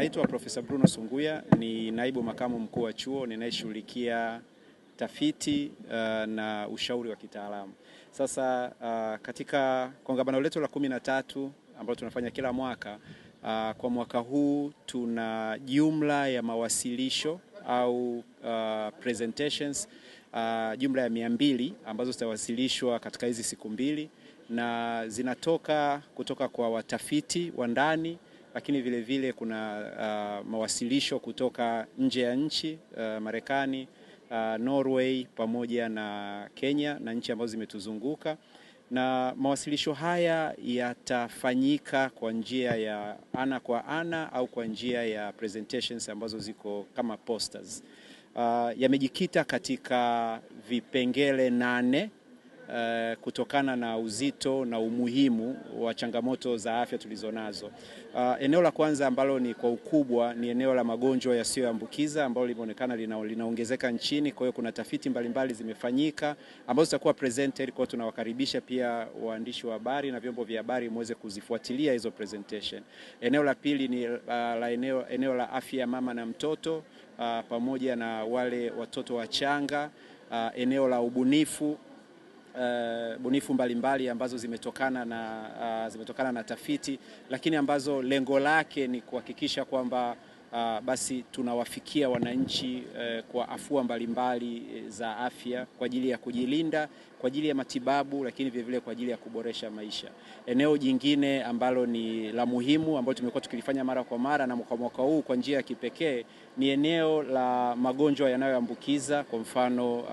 Naitwa Profesa Bruno Sunguya, ni naibu makamu mkuu wa chuo ninayeshughulikia tafiti uh, na ushauri wa kitaalamu. Sasa uh, katika kongamano letu la kumi na tatu ambalo tunafanya kila mwaka uh, kwa mwaka huu tuna jumla ya mawasilisho au uh, presentations uh, jumla ya mia mbili ambazo zitawasilishwa katika hizi siku mbili na zinatoka kutoka kwa watafiti wa ndani lakini vile vile kuna uh, mawasilisho kutoka nje ya nchi uh, Marekani uh, Norway pamoja na Kenya na nchi ambazo zimetuzunguka na mawasilisho haya yatafanyika kwa njia ya ana kwa ana au kwa njia ya presentations ambazo ziko kama posters. Uh, yamejikita katika vipengele nane Eh, kutokana na uzito na umuhimu wa changamoto za afya tulizonazo. Uh, eneo la kwanza ambalo ni kwa ukubwa ni eneo la magonjwa yasiyoambukiza ambalo limeonekana lina, linaongezeka nchini. Kwa hiyo kuna tafiti mbalimbali zimefanyika ambazo zitakuwa presented, kwa tunawakaribisha pia waandishi wa habari na vyombo vya habari muweze kuzifuatilia hizo presentation. Eneo la pili ni uh, la eneo, eneo la afya ya mama na mtoto uh, pamoja na wale watoto wachanga uh, eneo la ubunifu uh, bunifu mbalimbali mbali ambazo zimetokana na, uh, zimetokana na tafiti, lakini ambazo lengo lake ni kuhakikisha kwamba Uh, basi tunawafikia wananchi uh, kwa afua mbalimbali eh, za afya kwa ajili ya kujilinda, kwa ajili ya matibabu, lakini vilevile kwa ajili ya kuboresha maisha. Eneo jingine ambalo ni la muhimu ambalo tumekuwa tukilifanya mara kwa mara na kwa mwaka huu kwa njia ya kipekee ni eneo la magonjwa yanayoambukiza kwa mfano uh,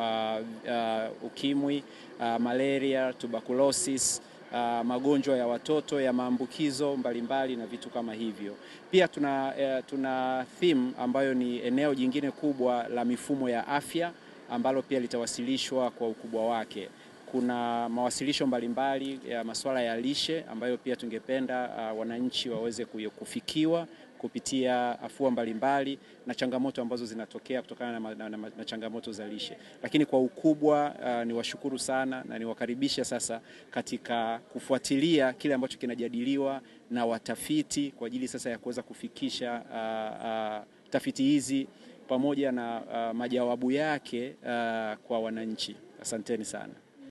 uh, ukimwi, uh, malaria, tuberculosis uh, magonjwa ya watoto ya maambukizo mbalimbali na vitu kama hivyo. Pia tuna, uh, tuna theme ambayo ni eneo jingine kubwa la mifumo ya afya ambalo pia litawasilishwa kwa ukubwa wake kuna mawasilisho mbalimbali ya masuala ya lishe ambayo pia tungependa uh, wananchi waweze kufikiwa kupitia afua mbalimbali na changamoto ambazo zinatokea kutokana na, na, na, na changamoto za lishe. Lakini kwa ukubwa uh, ni washukuru sana na niwakaribisha sasa katika kufuatilia kile ambacho kinajadiliwa na watafiti kwa ajili sasa ya kuweza kufikisha uh, uh, tafiti hizi pamoja na uh, majawabu yake uh, kwa wananchi. Asanteni sana.